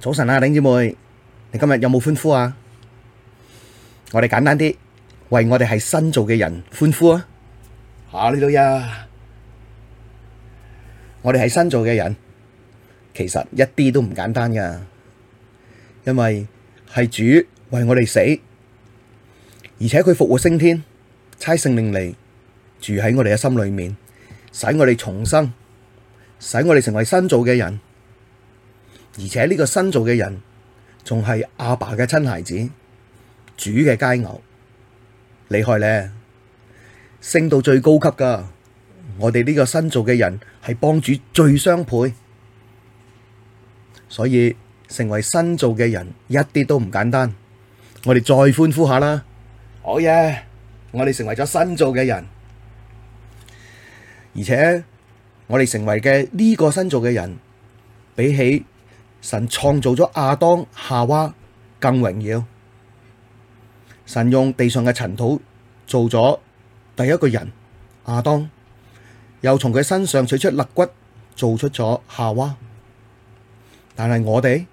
早晨啊，頂姐妹，你今日有冇歡呼啊？我哋簡單啲，為我哋係新造嘅人歡呼啊！吓呢度呀，我哋係新造嘅人，其實一啲都唔簡單噶，因為係主為我哋死，而且佢復活升天，差聖靈嚟，住喺我哋嘅心裏面，使我哋重生，使我哋成為新造嘅人。而且呢個新造嘅人，仲係阿爸嘅親孩子，主嘅佳偶，厲害咧，升到最高級噶。我哋呢個新造嘅人係幫主最相配，所以成為新造嘅人一啲都唔簡單。我哋再歡呼下啦，好嘢！我哋成為咗新造嘅人，而且我哋成為嘅呢個新造嘅人，比起神創造咗亞當、夏娃更榮耀。神用地上嘅塵土做咗第一個人亞當，又從佢身上取出肋骨做出咗夏娃。但係我哋，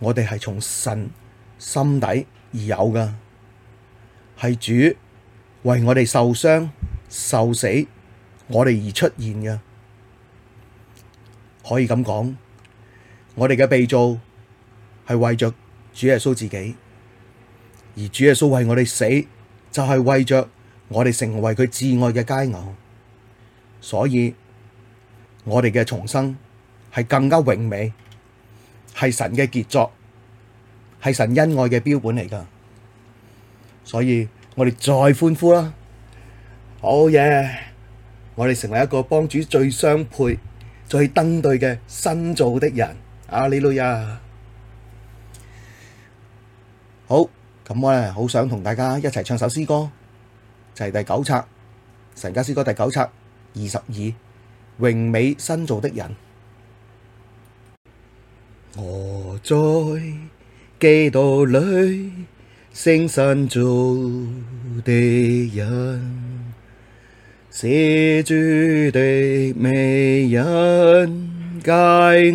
我哋係從神心底而有噶，係主為我哋受傷、受死，我哋而出現噶，可以咁講。我哋嘅被造係為着主耶穌自己，而主耶穌為我哋死，就係為着我哋成為佢至愛嘅佳偶。所以，我哋嘅重生係更加榮美，係神嘅傑作，係神恩愛嘅標本嚟㗎。所以我哋再歡呼啦！好嘢！我哋成為一個幫主最相配、最登對嘅新造的人。阿利路亞，好，咁我呢，好想同大家一齊唱首詩歌，就係第九冊《神家詩歌》第九冊二十二《榮美新造的人》，我在基督裏成新造的人，是主的美人，佳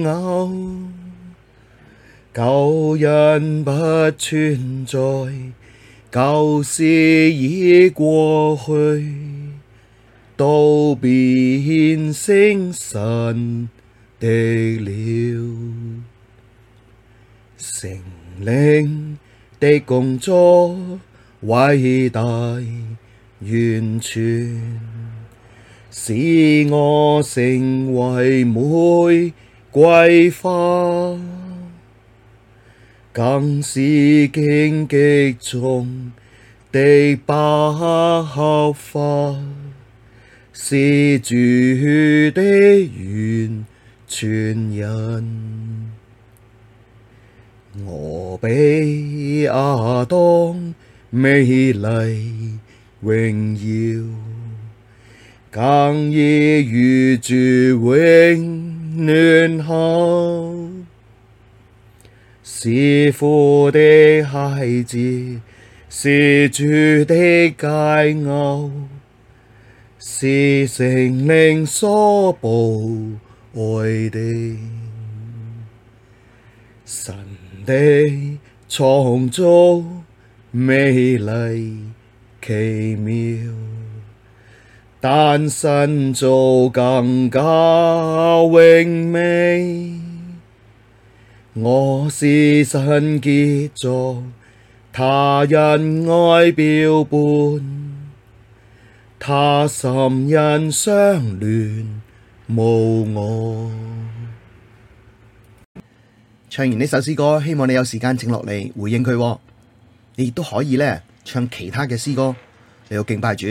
偶，舊人不存在，舊事已過去，都變成新的了，聖靈的工作偉大完全，使我成為玫瑰花。更是荊棘中的百合花，是主的完全人，我比亞當美麗榮耀，更已與主永聯合。是父的孩子，是主的佳偶，是聖靈所寶愛的。神的創造美麗奇妙，但新造更加榮美。我是神傑作，祂恩愛標本，祂心欣賞戀慕我。唱完呢首詩歌，希望你有時間靜落嚟回應佢喎。你亦都可以咧唱其他嘅詩歌，你有敬拜主。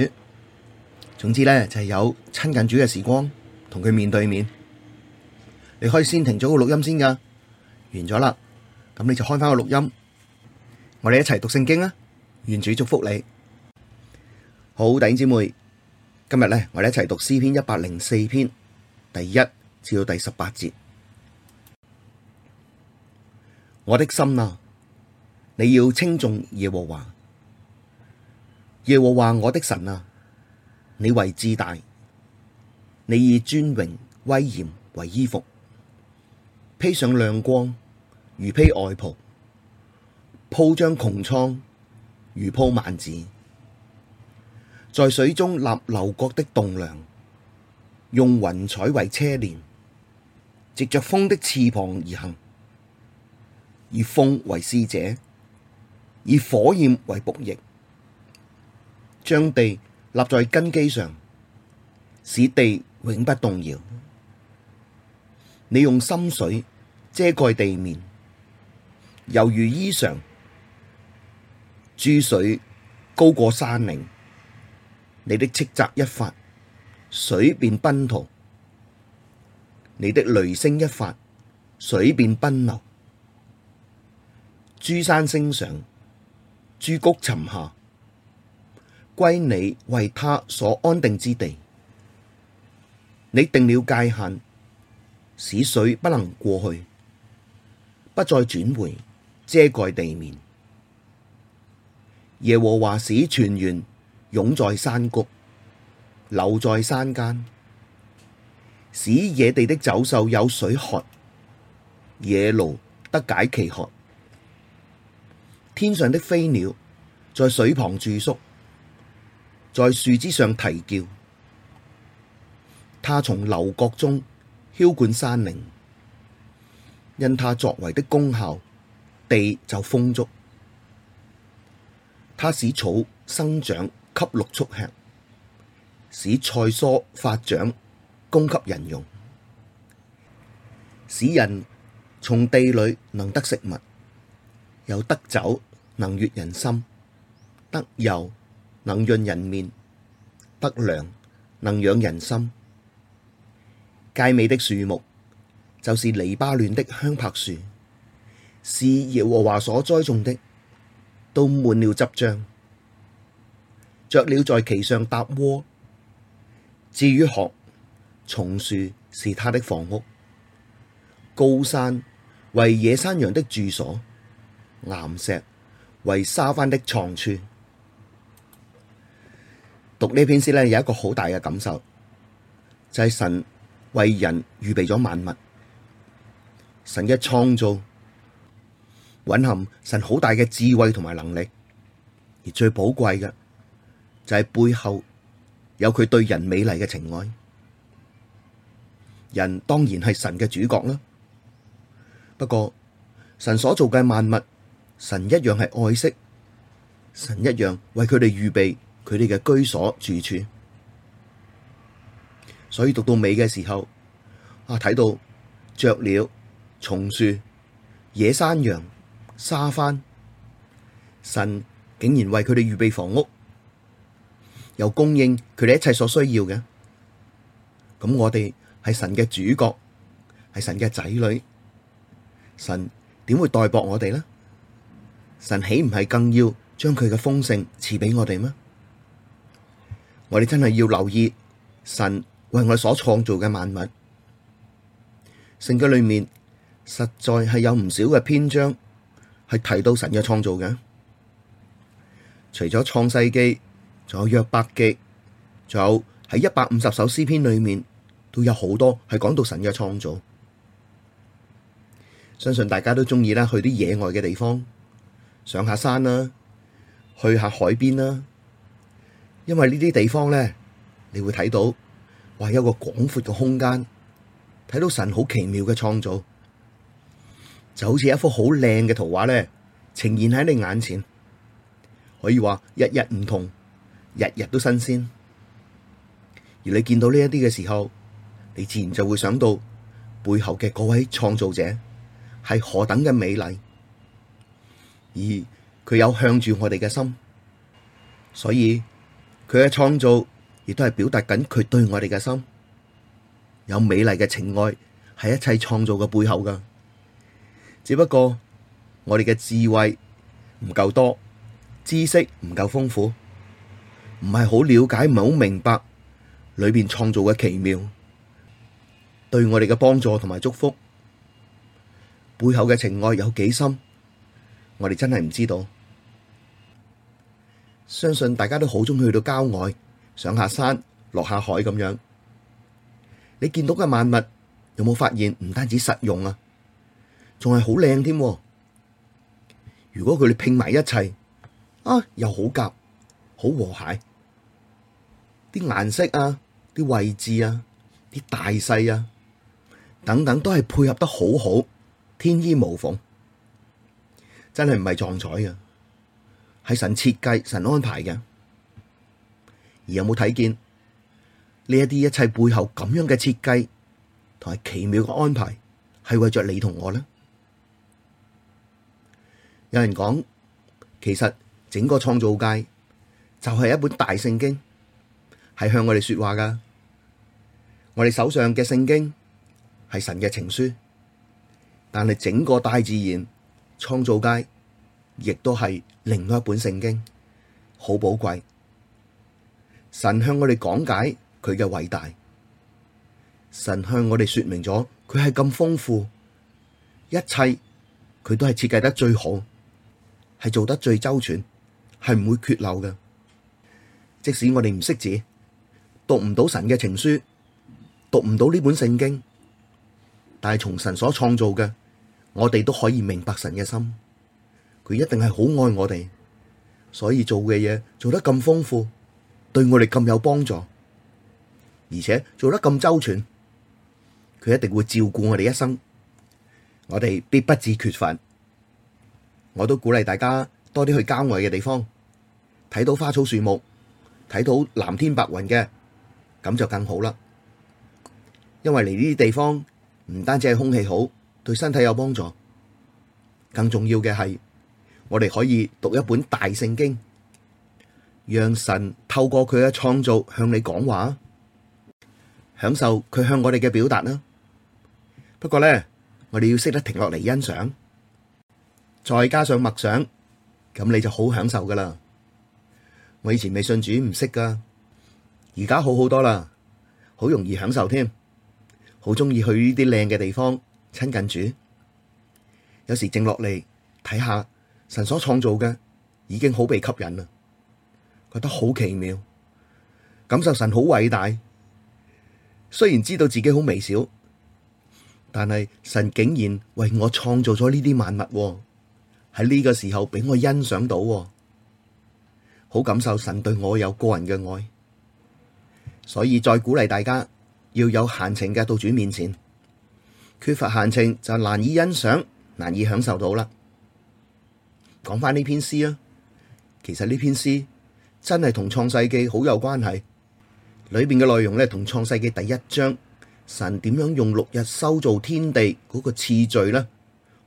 總之咧就係有親近主嘅時光，同佢面對面。你可以先停咗個錄音先㗎。完咗啦，咁你就開翻個錄音，我哋一齊讀聖經啊！願主祝福你，好弟兄姊妹，今日咧我哋一齊讀詩篇一百零四篇第一至到第十八節。我的心啊，你要稱頌耶和華，耶和華我的神啊，你為至大，你以尊榮威嚴為衣服，披上亮光。如披外袍，鋪張穹蒼，如鋪幔子，在水中立樓閣的棟梁，用雲彩為車輦，藉着風的翅膀而行，以風為使者，以火焰為僕役，將地立在根基上，使地永不動搖。你用深水遮蓋地面。猶如衣裳，諸水高過山嶺。你的斥責一發，水便奔逃，你的雷聲一發，水便奔流。諸山升上，諸谷沉下，歸你為他所安定之地。你定了界限，使水不能過去，不再轉回。遮蓋地面，耶和華使泉源湧在山谷，流在山間，使野地的走獸有水喝，野驢得解其渴。天上的飛鳥在水旁住宿，在樹枝上啼叫。他從樓閣中澆灌山嶺，因他作為的功效。地就豐足，它使草生長，給六畜吃；使菜蔬發長，供給人用；使人從地裡能得食物，又得酒，能悅人心，得油，能潤人面，得糧，能養人心。佳美的樹木就是利巴嫩的香柏樹，是耶和華所栽種的，都滿了汁漿，雀鳥在其上搭窩。至於鶴，松樹是他的房屋，高山為野山羊的住所，岩石為沙番的藏處。讀呢篇詩呢，有一個好大嘅感受，就係、是、神為人預備咗萬物，神嘅創造。蘊含神好大嘅智慧同埋能力，而最寶貴嘅就係背後有佢對人美麗嘅情愛。人當然係神嘅主角啦，不過神所做嘅萬物，神一樣係愛惜，神一樣為佢哋預備佢哋嘅居所住處。所以讀到尾嘅時候，啊睇到雀鳥、松樹、野山羊，沙番，神竟然為佢哋預備房屋，又供應佢哋一切所需要嘅。咁我哋係神嘅主角，係神嘅仔女，神點會待薄我哋呢？神豈唔係更要將佢嘅豐盛賜俾我哋咩？我哋真係要留意神為我哋所創造嘅萬物，聖經裏面實在係有唔少嘅篇章，係提到神嘅創造嘅，除咗創世記，仲有約伯記，仲有喺一百五十首詩篇裏面都有好多係講到神嘅創造。相信大家都中意啦，去啲野外嘅地方，上下山啦、啊，去下海邊啦、啊，因為呢啲地方咧，你會睇到，哇，有個廣闊嘅空間，睇到神好奇妙嘅創造。就好似一幅好靚嘅圖畫咧，呈現喺你眼前，可以話日日唔同，日日都新鮮。而你見到呢一啲嘅時候，你自然就會想到背後嘅嗰位創造者係何等嘅美麗，而佢有向住我哋嘅心，所以佢嘅創造亦都係表達緊佢對我哋嘅心有美麗嘅情愛，係一切創造嘅背後㗎。只不過我哋嘅智慧唔夠多，知識唔夠豐富，唔係好了解，唔係好明白裏邊創造嘅奇妙，對我哋嘅幫助同埋祝福，背後嘅情愛有幾深，我哋真係唔知道。相信大家都好鍾意去到郊外，上下山、落下、下海咁樣，你見到嘅萬物，物有冇發現唔單止實用啊，仲係好靚添，如果佢哋拼埋一齊，啊又好夾，好和諧，啲顏色啊，啲位置啊，啲大細啊，等等都係配合得好好，天衣無縫，真係唔係撞彩啊。係神設計、神安排嘅。而有冇睇見呢一啲一切背後咁樣嘅設計同埋奇妙嘅安排，係為着你同我呢？有人講，其實整個創造界就係一本大聖經，係向我哋說話噶。我哋手上嘅聖經係神嘅情書，但係整個大自然創造界亦都係另外一本聖經，好寶貴。神向我哋講解佢嘅偉大，神向我哋說明咗佢係咁豐富，一切佢都係設計得最好。係做得最周全，係唔會缺漏嘅。即使我哋唔識字，讀唔到神嘅情書，讀唔到呢本聖經，但係從神所創造嘅，我哋都可以明白神嘅心。佢一定係好愛我哋，所以做嘅嘢做得咁豐富，對我哋咁有幫助，而且做得咁周全，佢一定會照顧我哋一生。我哋必不致缺乏。我都鼓勵大家多啲去郊外嘅地方，睇到花草樹木，睇到藍天白雲嘅，咁就更好啦。因為嚟呢啲地方唔單止係空氣好，對身體有幫助，更重要嘅係我哋可以讀一本大聖經，讓神透過佢嘅創造向你講話，享受佢向我哋嘅表達啦。不過呢，我哋要識得停落嚟欣賞。再加上默想，咁你就好享受噶啦。我以前未信主唔識噶，而家好好多啦，好容易享受添，好中意去呢啲靚嘅地方親近主。有時靜落嚟睇下看看神所創造嘅，已經好被吸引啦，覺得好奇妙，感受神好偉大。雖然知道自己好微小，但係神竟然為我創造咗呢啲萬物。喺呢個時候俾我欣賞到，好感受神對我有個人嘅愛，所以再鼓勵大家要有閒情嘅到主面前，缺乏閒情就難以欣賞，難以享受到啦。講返呢篇詩啊，其實呢篇詩真係同創世記好有關係，裏邊嘅內容呢，同創世記第一章神點樣用六日修造天地嗰個次序呢，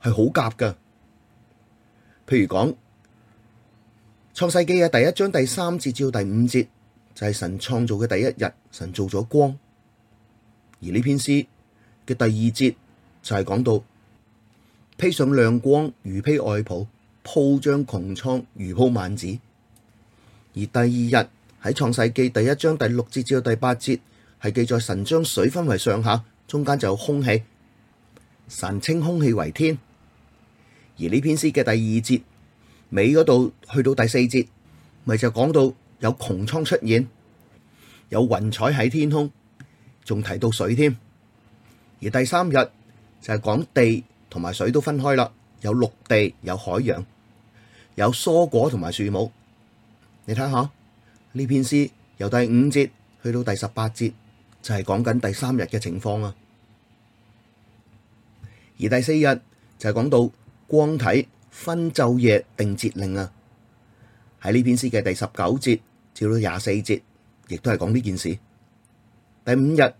係好夾㗎。譬如講創世記嘅第一章第三節至到第五節就係神創造嘅第一日，神做咗光。而呢篇詩嘅第二節就係講到披上亮光如披外袍，鋪張穹蒼如鋪幔子。而第二日喺創世記第一章第六節至到第八節係記載神將水分為上下，中間就有空氣。神稱空氣為天。而呢篇詩嘅第二節尾嗰度去到第四節，咪就是、講到有穹蒼出現，有雲彩喺天空，仲提到水添。而第三日就係、是、講地同埋水都分開啦，有陸地，有海洋，有蔬果同埋樹木。你睇下呢篇詩，由第五節去到第十八節，就係、是、講緊第三日嘅情況啊。而第四日就係、是、講到。光體分晝夜定節令啊，喺呢篇詩嘅第十九節至到廿四節，亦都係講呢件事。第五日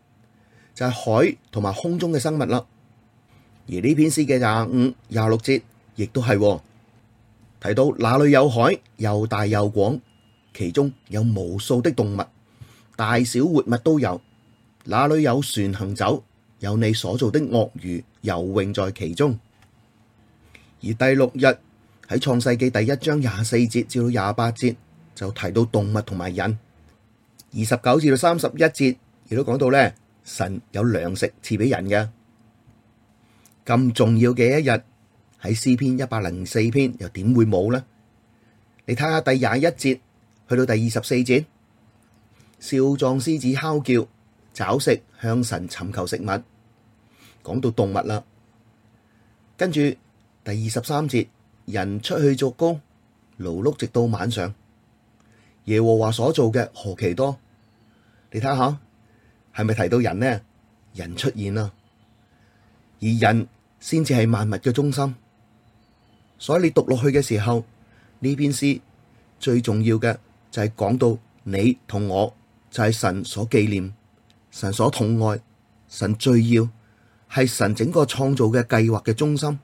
就係、是、海同埋空中嘅生物啦。而呢篇詩嘅廿五、廿六節，亦都係、啊、提到那裡有海，又大又廣，其中有無數的動物，大小活物都有。那裡有船行走，有你所造的鱷魚游泳在其中。而第六日喺創世紀第一章廿四節至到廿八節就提到動物同埋人，二十九至到三十一節亦都講到咧，神有糧食賜俾人嘅，咁重要嘅一日喺詩篇一百零四篇又點會冇咧？你睇下第廿一節去到第二十四節，少壯獅子哮叫找食，向神尋求食物，講到動物啦，跟住。第二十三節，人出去做工，勞碌直到晚上。耶和華所做嘅何其多！你睇下，係咪提到人呢？人出現啦，而人先至係萬物嘅中心。所以你讀落去嘅時候，呢篇詩最重要嘅，就係講到你同我就係神所紀念、神所痛愛、神最要係神整個創造嘅計劃嘅中心。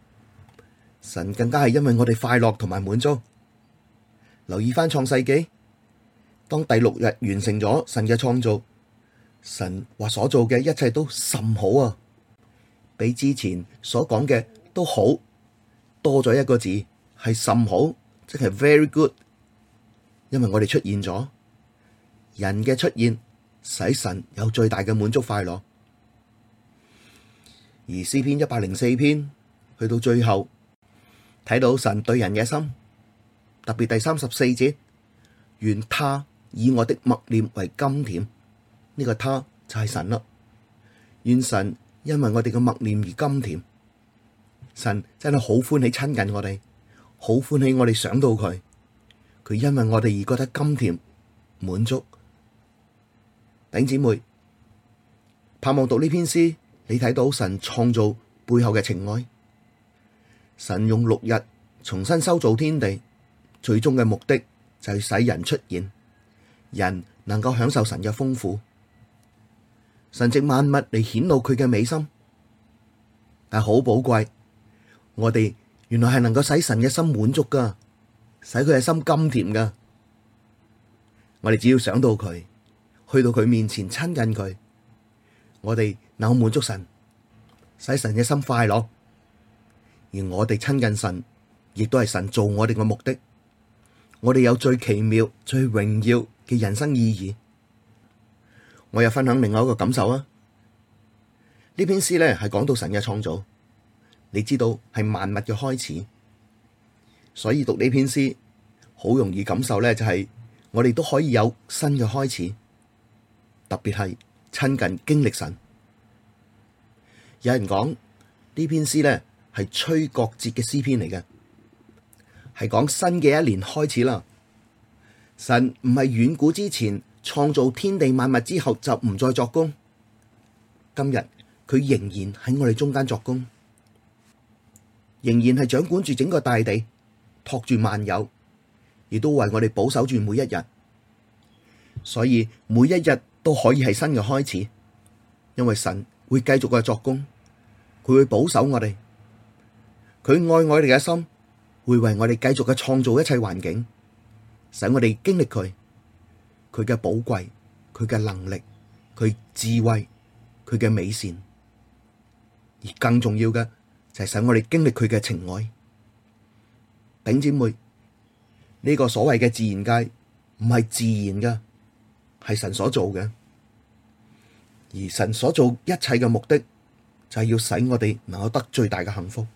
神更加係因為我哋快樂同埋滿足。留意翻創世紀，當第六日完成咗神嘅創造，神話所做嘅一切都甚好啊，比之前所講嘅都好，多咗一個字，係甚好，即係 very good。因為我哋出現咗，人嘅出現，使神有最大嘅滿足快樂。而詩篇一百零四篇去到最後。睇到神對人嘅心，特別第三十四節，願他以我的默念為甘甜，呢個他就係神啦。願神因為我哋嘅默念而甘甜，神真係好歡喜親近我哋，好歡喜我哋想到佢，佢因為我哋而覺得甘甜滿足。頂姐妹，盼望讀呢篇詩，你睇到神創造背後嘅情愛。神用六日重新修造天地，最終嘅目的就係使人出現，人能夠享受神嘅豐富，神藉萬物嚟顯露佢嘅美心，但好寶貴。我哋原來係能夠使神嘅心滿足噶，使佢嘅心甘甜噶。我哋只要想到佢，去到佢面前親近佢，我哋能滿足神，使神嘅心快樂。而我哋親近神，亦都係神做我哋嘅目的。我哋有最奇妙、最榮耀嘅人生意義。我又分享另外一個感受啊！呢篇詩咧係講到神嘅創造，你知道係萬物嘅開始，所以讀呢篇詩好容易感受咧，就係我哋都可以有新嘅開始，特別係親近經歷神。有人講，呢篇詩咧。係吹角節嘅詩篇嚟嘅，係講新嘅一年開始啦。神唔係遠古之前創造天地萬物之後就唔再作工，今日佢仍然喺我哋中間作工，仍然係掌管住整個大地，托住萬有，亦都為我哋保守住每一日。所以每一日都可以係新嘅開始，因為神會繼續嘅作工，佢會保守我哋。佢愛我哋嘅心，會為我哋繼續嘅創造一切環境，使我哋經歷佢佢嘅寶貴、佢嘅能力、佢智慧、佢嘅美善，而更重要嘅就係使我哋經歷佢嘅情愛。頂姐妹呢個所謂嘅自然界唔係自然噶，係神所做嘅，而神所做一切嘅目的就係要使我哋能夠得最大嘅幸福。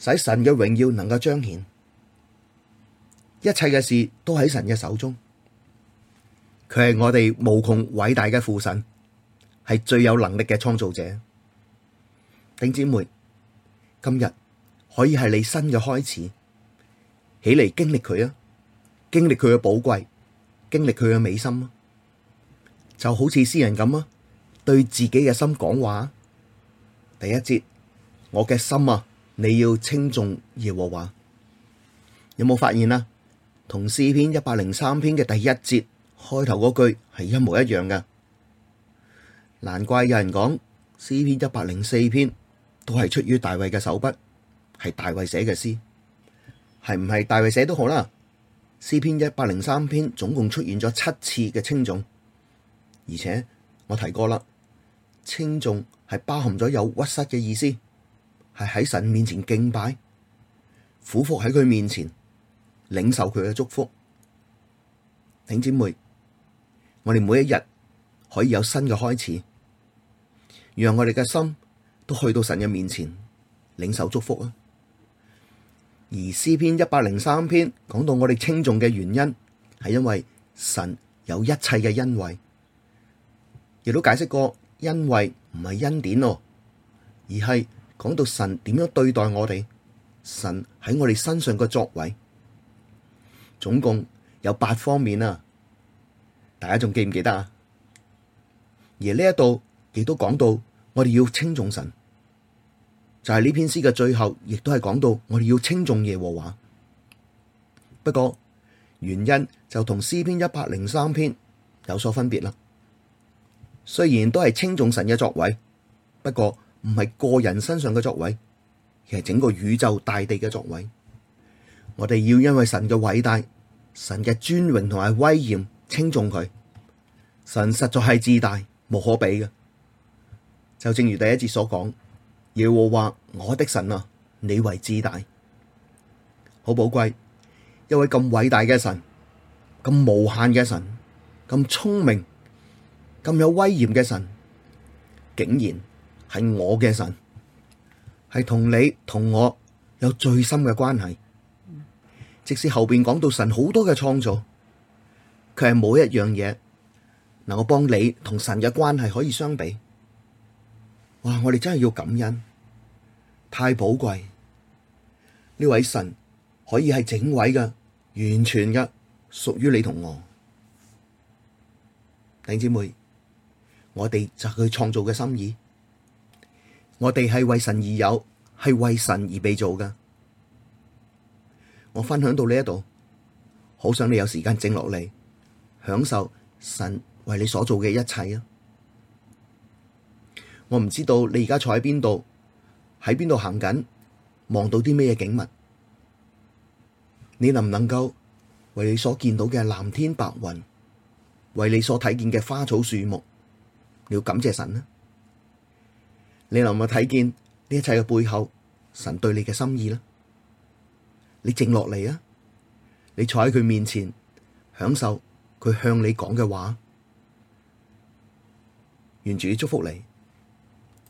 使神嘅榮耀能夠彰顯，一切嘅事都喺神嘅手中，佢係我哋無窮偉大嘅父神，係最有能力嘅創造者。弟兄姊妹，今日可以係你新嘅開始，起嚟經歷佢啊，經歷佢嘅寶貴，經歷佢嘅美心啊，就好似詩人咁啊，對自己嘅心講話。第一節，我嘅心啊。你要稱頌耶和華，有冇發現啊？同詩篇一百零三篇嘅第一節開頭嗰句係一模一樣嘅，難怪有人講詩篇一百零四篇都係出於大衛嘅手筆，係大衛寫嘅詩，係唔係大衛寫都好啦。詩篇一百零三篇總共出現咗七次嘅稱頌，而且我提過啦，稱頌係包含咗有屈膝嘅意思。係喺神面前敬拜，俯伏喺佢面前，領受佢嘅祝福。弟兄姊妹，我哋每一日可以有新嘅開始，讓我哋嘅心都去到神嘅面前領受祝福啊！而詩篇一百零三篇講到我哋稱頌嘅原因，係因為神有一切嘅恩惠，亦都解釋過，恩惠唔係恩典咯、哦，而係。講到神點樣對待我哋，神喺我哋身上嘅作為，總共有八方面啊！大家仲記唔記得啊？而呢一度亦都講到我哋要稱頌神，就係、是、呢篇詩嘅最後，亦都係講到我哋要稱頌耶和華。不過原因就同詩篇一百零三篇有所分別啦。雖然都係稱頌神嘅作為，不過。唔係個人身上嘅作為，而係整個宇宙大地嘅作為。我哋要因為神嘅偉大、神嘅尊榮同埋威嚴稱頌佢。神實在係至大，無可比嘅。就正如第一節所講，耶和華我的神啊，你為至大，好寶貴。一位咁偉大嘅神，咁無限嘅神，咁聰明，咁有威嚴嘅神，竟然，係我嘅神，係同你同我有最深嘅關係。即使後邊講到神好多嘅創造，佢係冇一樣嘢能夠幫你同神嘅關係可以相比。哇！我哋真係要感恩，太寶貴呢位神可以係整位嘅、完全嘅屬於你同我，弟兄姊妹，我哋就去創造嘅心意。我哋係為神而有，係為神而被造噶。我分享到呢一度，好想你有時間靜落嚟，享受神為你所做嘅一切啊！我唔知道你而家坐喺邊度，喺邊度行緊，望到啲咩景物，你能唔能夠為你所見到嘅藍天白雲，為你所睇見嘅花草樹木，你要感謝神啊！你能能唔夠睇見呢一切嘅背後，神對你嘅心意呢？你靜落嚟啊，你坐喺佢面前，享受佢向你講嘅話，願主祝福你。